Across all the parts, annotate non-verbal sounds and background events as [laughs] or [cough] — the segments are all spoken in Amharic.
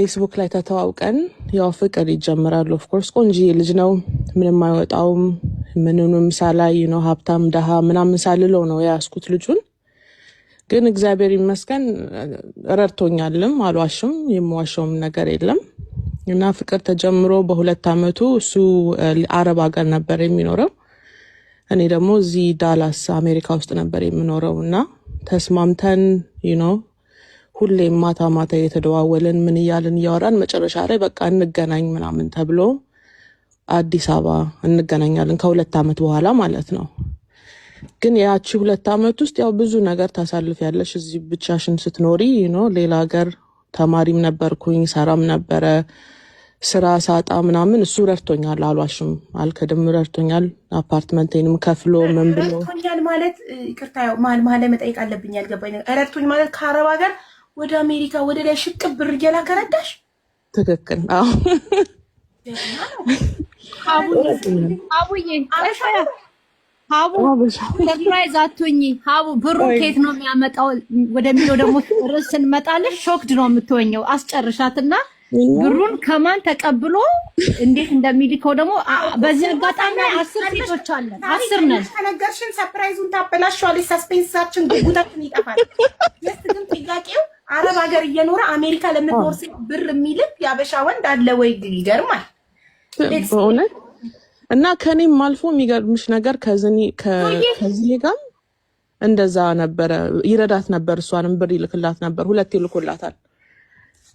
ፌስቡክ ላይ ተተዋውቀን ያው ፍቅር ይጀምራሉ። ኦፍኮርስ ቆንጂ ልጅ ነው፣ ምንም አይወጣውም። ምንንም ሳላይ ነው ሀብታም ደሃ ምናምን ሳልለው ነው የያዝኩት ልጁን። ግን እግዚአብሔር ይመስገን ረድቶኛልም፣ አልዋሽም፣ የምዋሸውም ነገር የለም። እና ፍቅር ተጀምሮ በሁለት አመቱ እሱ አረብ ሀገር ነበር የሚኖረው፣ እኔ ደግሞ እዚህ ዳላስ አሜሪካ ውስጥ ነበር የምኖረው እና ተስማምተን ነው ሁሌም ማታ ማታ የተደዋወለን ምን እያልን እያወራን መጨረሻ ላይ በቃ እንገናኝ ምናምን ተብሎ አዲስ አበባ እንገናኛለን ከሁለት ዓመት በኋላ ማለት ነው። ግን ያቺ ሁለት ዓመት ውስጥ ያው ብዙ ነገር ታሳልፍ ያለሽ እዚህ ብቻሽን ስትኖሪ ነው። ሌላ ሀገር ተማሪም ነበርኩኝ ሰራም ነበረ ስራ ሳጣ ምናምን እሱ ረድቶኛል፣ አሏሽም አልከድም ረድቶኛል። አፓርትመንቴንም ከፍሎ ምን ብሎ ረድቶኛል ማለት ይቅርታ፣ መሀል መሀል ላይ መጠየቅ አለብኝ ያልገባኝ ነገር ረድቶኝ ማለት ከአረብ ሀገር ወደ አሜሪካ ወደ ላይ ሽቅብ ብር ከረዳሽ ትክክል። አዎ ሀቡ ሰርፕራይዝ አትሆኚ። ሀቡ ብሩ ኬት ነው የሚያመጣው ወደሚለው ደግሞ ርዕስ ስንመጣለሽ ሾክድ ነው የምትወኘው አስጨርሻትና ብሩን ከማን ተቀብሎ እንዴት እንደሚልከው ደግሞ በዚህ አጋጣሚ አስር ሴቶች አለን፣ አስር ነን። ሰርፕራይዙን ታበላሸዋለች። ጉጉታችን ይጠፋል። ግን ጥያቄው አረብ ሀገር እየኖረ አሜሪካ ለምትኖር ሴት ብር የሚልክ የአበሻ ወንድ አለ ወይ? ይገርማል በእውነት። እና ከኔም አልፎ የሚገርምሽ ነገር ከዚህ ጋር እንደዛ ነበረ። ይረዳት ነበር፣ እሷንም ብር ይልክላት ነበር። ሁለት ይልኩላታል።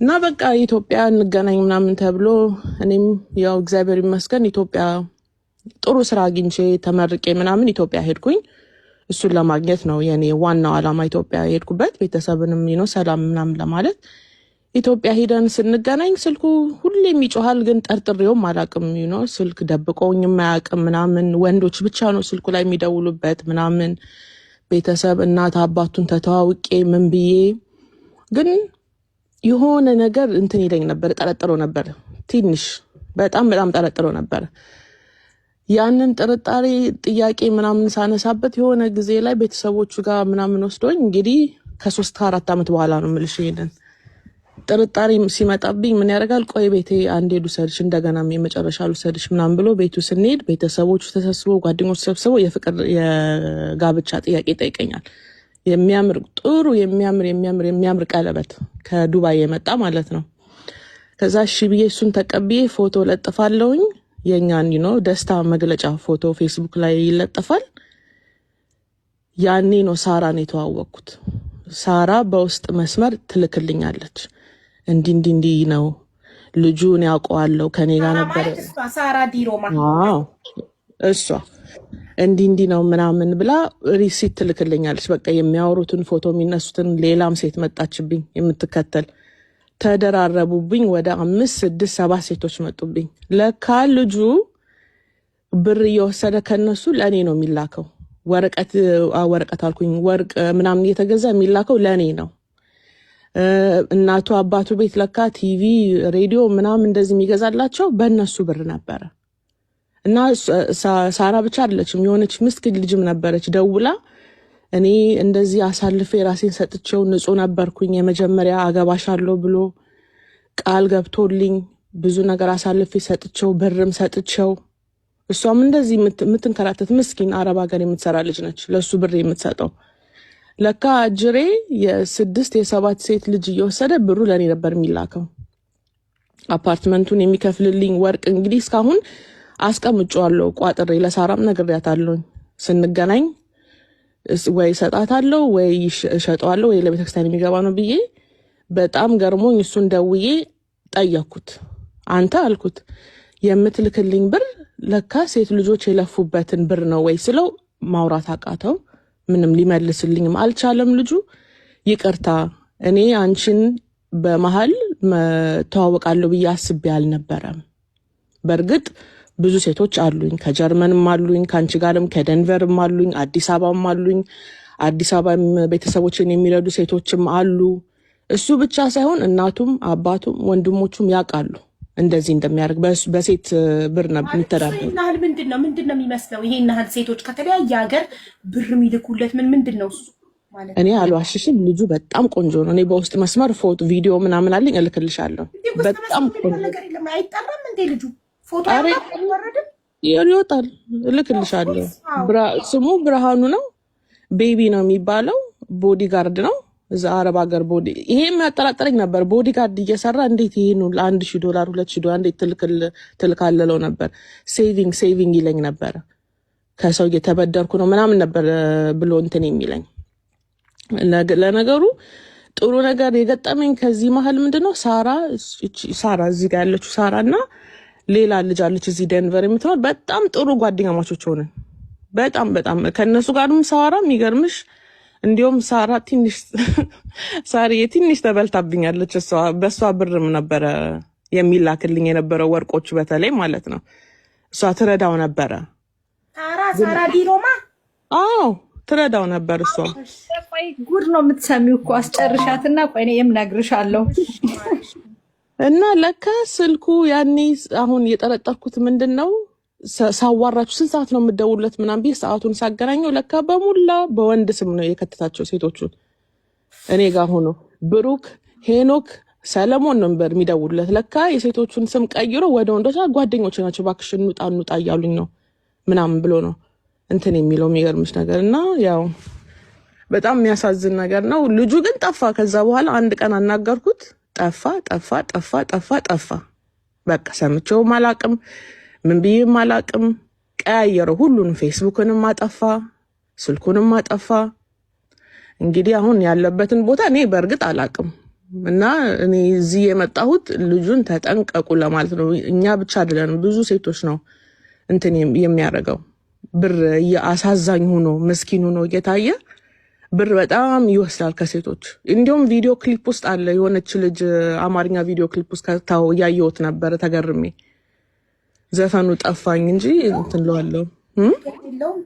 እና በቃ ኢትዮጵያ እንገናኝ ምናምን ተብሎ እኔም ያው እግዚአብሔር ይመስገን ኢትዮጵያ ጥሩ ስራ አግኝቼ ተመርቄ ምናምን ኢትዮጵያ ሄድኩኝ። እሱን ለማግኘት ነው የኔ ዋናው ዓላማ ኢትዮጵያ የሄድኩበት። ቤተሰብንም ነው ሰላም ምናምን ለማለት ኢትዮጵያ ሂደን ስንገናኝ ስልኩ ሁሌም ይጮሃል፣ ግን ጠርጥሬውም አላቅም ነ ስልክ ደብቆኝ የማያውቅም ምናምን። ወንዶች ብቻ ነው ስልኩ ላይ የሚደውሉበት ምናምን። ቤተሰብ እናት አባቱን ተተዋውቄ ምን ብዬ ግን የሆነ ነገር እንትን ይለኝ ነበር፣ ጠረጥሮ ነበር። ትንሽ በጣም በጣም ጠረጥሮ ነበር። ያንን ጥርጣሬ ጥያቄ ምናምን ሳነሳበት የሆነ ጊዜ ላይ ቤተሰቦቹ ጋር ምናምን ወስዶኝ እንግዲህ ከሶስት ከአራት ዓመት በኋላ ነው ምልሽ ይሄንን ጥርጣሬ ሲመጣብኝ ምን ያደርጋል? ቆይ ቤቴ አንዴ ልውሰድሽ፣ እንደገና የመጨረሻ ልውሰድሽ ምናምን ብሎ ቤቱ ስንሄድ ቤተሰቦቹ ተሰብስበው ጓደኞች ተሰብስበው የፍቅር የጋብቻ ጥያቄ ይጠይቀኛል። የሚያምር ጥሩ የሚያምር የሚያምር የሚያምር ቀለበት ከዱባይ የመጣ ማለት ነው። ከዛ እሺ ብዬ እሱን ተቀብዬ ፎቶ ለጥፋለውኝ። የእኛን ዩኖ ደስታ መግለጫ ፎቶ ፌስቡክ ላይ ይለጠፋል። ያኔ ነው ሳራን የተዋወቅኩት። ሳራ በውስጥ መስመር ትልክልኛለች። እንዲ እንዲ እንዲ ነው ልጁን ያውቀዋለው ከኔ ጋር ነበረ እሷ እንዲ እንዲ ነው ምናምን ብላ ሪሲት ትልክልኛለች። በቃ የሚያወሩትን ፎቶ የሚነሱትን። ሌላም ሴት መጣችብኝ የምትከተል ተደራረቡብኝ። ወደ አምስት ስድስት ሰባት ሴቶች መጡብኝ። ለካ ልጁ ብር እየወሰደ ከነሱ ለእኔ ነው የሚላከው። ወረቀት ወረቀት አልኩኝ ወርቅ ምናምን እየተገዛ የሚላከው ለእኔ ነው። እናቱ አባቱ ቤት ለካ ቲቪ፣ ሬዲዮ ምናምን እንደዚህ የሚገዛላቸው በእነሱ ብር ነበረ። እና ሳራ ብቻ አይደለችም፣ የሆነች ምስክ ልጅም ነበረች ደውላ እኔ እንደዚህ አሳልፌ ራሴን ሰጥቼው ንጹህ ነበርኩኝ። የመጀመሪያ አገባሻለሁ ብሎ ቃል ገብቶልኝ ብዙ ነገር አሳልፌ ሰጥቼው ብርም ሰጥቼው እሷም እንደዚህ የምትንከራተት ምስኪን አረብ ሀገር የምትሰራ ልጅ ነች። ለእሱ ብር የምትሰጠው ለካ ጅሬ የስድስት የሰባት ሴት ልጅ እየወሰደ ብሩ ለእኔ ነበር የሚላከው። አፓርትመንቱን የሚከፍልልኝ ወርቅ እንግዲህ እስካሁን አስቀምጬዋለሁ ቋጥሬ። ለሳራም ነግሬያታለሁኝ ስንገናኝ ወይ ሰጣታለሁ ወይ እሸጠዋለሁ ወይ ለቤተክርስቲያን የሚገባ ነው ብዬ በጣም ገርሞኝ እሱን ደውዬ ጠየኩት። አንተ አልኩት የምትልክልኝ ብር ለካ ሴት ልጆች የለፉበትን ብር ነው ወይ ስለው ማውራት አቃተው። ምንም ሊመልስልኝም አልቻለም ልጁ። ይቅርታ እኔ አንቺን በመሀል ተዋወቃለሁ ብዬ አስቤ አልነበረም በእርግጥ ብዙ ሴቶች አሉኝ። ከጀርመንም አሉኝ፣ ከአንቺ ጋርም ከደንቨርም አሉኝ፣ አዲስ አበባም አሉኝ። አዲስ አበባም ቤተሰቦችን የሚረዱ ሴቶችም አሉ። እሱ ብቻ ሳይሆን እናቱም አባቱም ወንድሞቹም ያውቃሉ እንደዚህ እንደሚያደርግ በሴት ብር ነው የሚተዳደሩ። ናህል ምንድን ነው ምንድን ነው የሚመስለው? ይሄ ናህል ሴቶች ከተለያየ ሀገር ብር የሚልኩለት ምን ምንድን ነው እሱ? እኔ አልዋሽሽም፣ ልጁ በጣም ቆንጆ ነው። እኔ በውስጥ መስመር ፎቶ፣ ቪዲዮ ምናምን አለኝ እልክልሻለሁ። በጣም ቆንጆ ነገር የለም። አይጠራም እንዴ ልጁ ፎቶ ይወጣል፣ እልክልሻለሁ። ስሙ ብርሃኑ ነው። ቤቢ ነው የሚባለው። ቦዲ ጋርድ ነው እዛ አረብ ሀገር ቦዲ። ይሄም ያጠራጠረኝ ነበር። ቦዲ ጋርድ እየሰራ እንዴት ይሄን ለአንድ ሺ ዶላር ሁለት ሺ ዶላር እንዴት ትልካለለው ነበር። ሴቪንግ ሴቪንግ ይለኝ ነበር። ከሰው እየተበደርኩ ነው ምናምን ነበር ብሎ እንትን የሚለኝ ለነገሩ ጥሩ ነገር የገጠመኝ ከዚህ መሀል ምንድነው ሳራ ሳራ እዚህ ጋር ያለችው ሳራ እና ሌላ ልጅ አለች እዚህ ደንቨር የምትባል በጣም ጥሩ ጓደኛ ማቾች ሆነን በጣም በጣም ከእነሱ ጋርም ሳዋራ የሚገርምሽ እንዲሁም ሳራ ትንሽ [laughs] ሳሪ ትንሽ ተበልታብኛለች። በእሷ ብርም ነበረ የሚላክልኝ የነበረው ወርቆች በተለይ ማለት ነው። እሷ ትረዳው ነበረ። ሳራ ሳራ ዲሮማ አዎ ትረዳው ነበር። እሷ ጉድ ነው የምትሰሚው እኮ አስጨርሻትና ቆይ እኔ የምነግርሻለሁ እና ለካ ስልኩ ያኔ አሁን የጠረጠርኩት ምንድን ነው ሳዋራችሁ ስንት ሰዓት ነው የምደውለት ምናም ብዬ ሰዓቱን ሳገናኘው ለካ በሙላ በወንድ ስም ነው የከተታቸው ሴቶቹን እኔ ጋር ሆኖ ብሩክ፣ ሄኖክ፣ ሰለሞን ነበር የሚደውሉለት። ለካ የሴቶቹን ስም ቀይሮ ወደ ወንዶች ጓደኞች ናቸው እባክሽ እንውጣ እንውጣ እያሉኝ ነው ምናምን ብሎ ነው እንትን የሚለው የሚገርምሽ ነገር እና ያው በጣም የሚያሳዝን ነገር ነው። ልጁ ግን ጠፋ። ከዛ በኋላ አንድ ቀን አናገርኩት። ጠፋ ጠፋ ጠፋ ጠፋ ጠፋ። በቃ ሰምቼውም አላቅም፣ ምን ብዬም አላቅም። ቀያየረው ሁሉንም፣ ፌስቡክንም አጠፋ፣ ስልኩንም አጠፋ። እንግዲህ አሁን ያለበትን ቦታ እኔ በእርግጥ አላቅም እና እኔ እዚህ የመጣሁት ልጁን ተጠንቀቁ ለማለት ነው። እኛ ብቻ አይደለንም፣ ብዙ ሴቶች ነው እንትን የሚያደርገው ብር አሳዛኝ ሆኖ ምስኪን ሆኖ እየታየ ብር በጣም ይወስዳል ከሴቶች። እንዲሁም ቪዲዮ ክሊፕ ውስጥ አለ የሆነች ልጅ አማርኛ ቪዲዮ ክሊፕ ውስጥ ከታው እያየሁት ነበረ ተገርሜ። ዘፈኑ ጠፋኝ እንጂ እንትን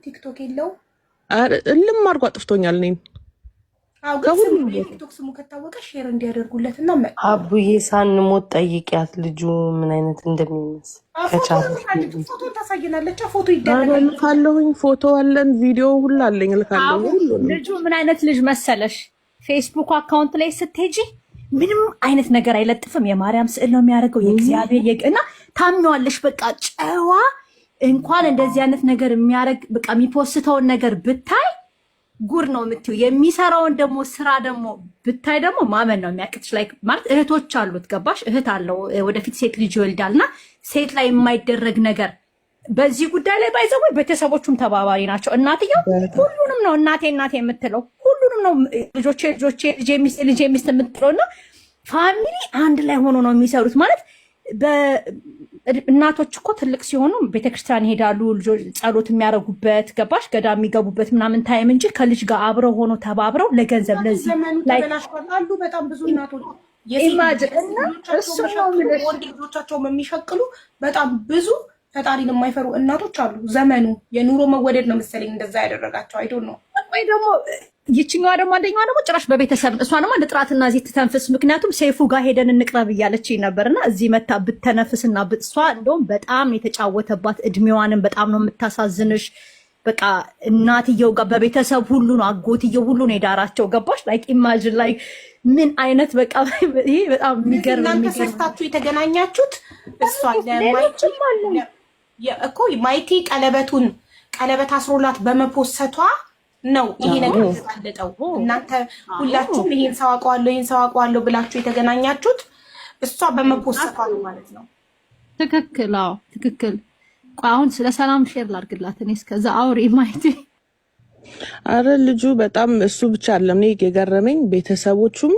ቲክቶክ የለው እልም አድርጎ አጥፍቶኛል እኔን ቲክቶክ ስሙ ከታወቀ ሼር እንዲያደርጉለት እና አቡዬ ሳንሞት ጠይቂያት ልጁ ምን አይነት እንደሚመስል ፎቶ ታሳየናለች። ፎቶ ይደረጋል ፎቶ አለን፣ ቪዲዮ ሁሉ አለኝ ልካለሁ። ልጁ ምን አይነት ልጅ መሰለሽ? ፌስቡክ አካውንት ላይ ስትሄጂ ምንም አይነት ነገር አይለጥፍም። የማርያም ስዕል ነው የሚያደርገው የእግዚአብሔር እና በቃ ጨዋ እንኳን እንደዚህ አይነት ነገር የሚያደርግ በቃ የሚፖስተውን ነገር ብታይ ጉር ነው የምትይው። የሚሰራውን ደግሞ ስራ ደግሞ ብታይ ደግሞ ማመን ነው የሚያቅትሽ። ላይ ማለት እህቶች አሉት ገባሽ? እህት አለው ወደፊት ሴት ልጅ ይወልዳል እና ሴት ላይ የማይደረግ ነገር በዚህ ጉዳይ ላይ ባይዘው ቤተሰቦቹም ተባባሪ ናቸው። እናትየው ሁሉንም ነው እናቴ እናቴ የምትለው ሁሉንም ነው ልጆቼ ልጆቼ ልጄ ሚስት የምትለው እና ፋሚሊ አንድ ላይ ሆኖ ነው የሚሰሩት ማለት እናቶች እኮ ትልቅ ሲሆኑ ቤተክርስቲያን ይሄዳሉ፣ ልጆች ጸሎት የሚያደርጉበት ገባሽ፣ ገዳ የሚገቡበት ምናምን ታይም እንጂ ከልጅ ጋር አብረው ሆኖ ተባብረው ለገንዘብ ለዚህ በጣም ብዙ እናቶች ወንድ ልጆቻቸውም የሚሸቅሉ በጣም ብዙ ፈጣሪን የማይፈሩ እናቶች አሉ። ዘመኑ የኑሮ መወደድ ነው መሰለኝ እንደዛ ያደረጋቸው አይዶን ነው ወይ ደግሞ ይችኛዋ ደግሞ አንደኛዋ ደግሞ ጭራሽ በቤተሰብ እሷ ደግሞ ንጥራትና እዚህ ትተንፍስ፣ ምክንያቱም ሴፉ ጋር ሄደን እንቅረብ እያለች ነበር ነበርና እዚህ መታ ብትተነፍስና ብትሷ እንደውም በጣም የተጫወተባት እድሜዋንም በጣም ነው የምታሳዝንሽ። በቃ እናትየው ጋር በቤተሰብ ሁሉ ነው አጎትየው ሁሉ ነው የዳራቸው። ገባሽ? ላይክ ኢማጅን ላይ ምን አይነት በቃ ይሄ በጣም የሚገርም እናንተ ሰርታችሁ የተገናኛችሁት እሷ እኮ ማይቲ ቀለበቱን ቀለበት አስሮላት በመፖሰቷ ነው ይሄ ነገር የተጋለጠው። እናንተ ሁላችሁም ይሄን ሰው አውቀዋለሁ ይሄን ሰው አውቀዋለሁ ብላችሁ የተገናኛችሁት እሷ በመፖሰቷ ነው ማለት ነው። ትክክል። አዎ ትክክል። አሁን ስለ ሰላም ሼር ላድርግላት እኔ እስከዛ አውሪ ማየት አረ ልጁ በጣም እሱ ብቻ አለም እኔ የገረመኝ ቤተሰቦቹም